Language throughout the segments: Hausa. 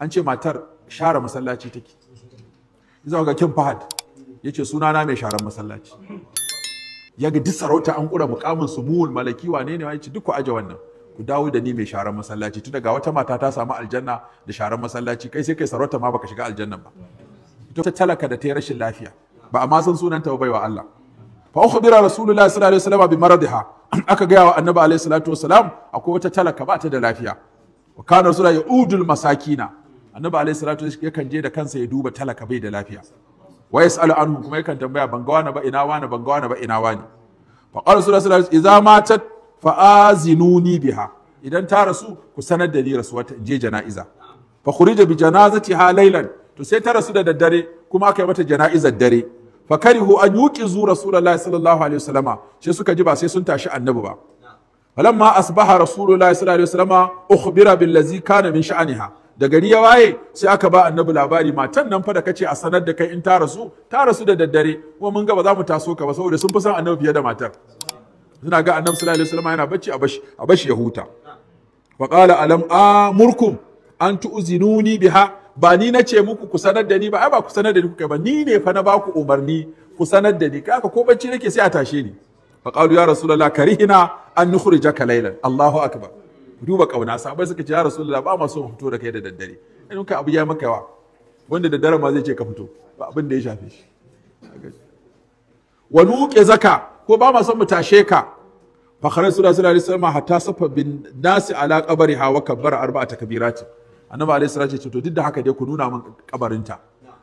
an ce matar share masallaci take za ga kin fahad ya ce na mai sharar masallaci ya ga duk sarauta an ƙura mukamin su muhul malaki wane ne ya ce duk ku aje wannan ku dawo da ni mai sharar masallaci tun daga wata mata ta samu aljanna da sharar masallaci kai sai kai sarauta ma baka shiga aljannan ba ita ta talaka da ta yi rashin lafiya ba amma san sunanta ba baiwa Allah fa ukhbira rasulullahi sallallahu alaihi wasallam bi maradiha aka gaya wa annabi alaihi salatu wasalam akwai wata talaka ba ta da lafiya wa kana rasulullahi udul masakina annabi alaihi salatu yakan je da kansa ya duba talaka bai da lafiya wa yasalu anhu kuma yakan tambaya ban ga wani ba ina wani ban ga wani ba ina wani fa qala sallallahu alaihi wasallam idza matat fa azinuni biha idan ta rasu ku sanar da ni rasu, wata je jana'iza fa khurija bi janazatiha laylan to sai ta rasu da daddare kuma aka yi mata jana'izar dare fa karihu an yuqizu rasulullahi sallallahu alaihi wasallama sai suka ji ba sai sun tashi annabi ba falamma asbaha rasulullahi sallallahu alaihi wasallama ukhbira billazi kana min sha'aniha da gari ya waye sai aka ba annabi labari matan nan fa da kace a sanar da kai in ta rasu ta rasu da daddare kuma mun ga ba za mu taso ka ba saboda sun fi san annabi fiye da matar suna ga annabi sallallahu alaihi wasallam yana bacci a bashi a bashi ya huta fa qala alam amurkum an tu'zinuni biha ba ni na ce muku ku sanar da ni ba ai ba ku sanar da ni kuka ba ni ne fa na ba ku umarni ku sanar da ni kaka ko bacci nake sai a tashe ni fa qalu ya rasulullah karihina an nukhrijaka laylan allahu akbar duba kauna sabai suka ce ya rasulullah ba ma so mu fito da kai da daddare in ka abu ya maka yawa wanda da dare ma zai ce ka fito ba abin da ya shafe shi wa nuke zaka ko ba ma son mu tashe ka fa kharaju sallallahu alaihi wasallam hatta safa bin nasi ala ha wa kabbara arba'a kabirati annabi alaihi salatu ce to duk da haka dai ku nuna min kabarinta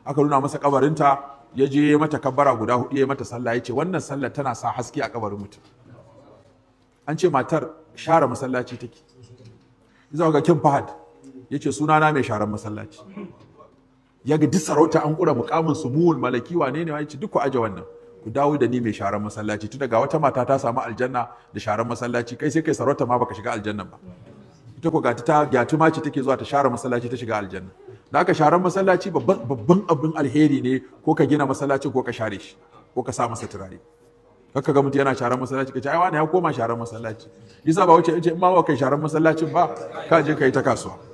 aka nuna masa kabarinta ya je mata kabbara guda hudu ya mata sallah ya ce wannan sallah tana sa haske a kabarin mutum an ce matar share masallaci take za ga kin fahad ya ce na mai sharan masallaci ya ga duk sarauta an ƙura mukamin su muhul malaki wane ne ya ce duk ku aje wannan ku dawo da ni mai sharan masallaci tun daga wata mata ta samu aljanna da sharan masallaci kai sai kai sarauta ma baka shiga aljannan ba ita ko gata ta ma ce take zuwa ta share masallaci ta shiga aljanna da aka sharan masallaci babban abin alheri ne ko ka gina masallaci ko ka share shi ko ka sa masa turare haka ga mutum yana sharar masallaci kace ai wani ya koma sharar masallaci yasa ba wuce in ce in ma ba kai sharar masallacin ba ka je kai ta kasuwa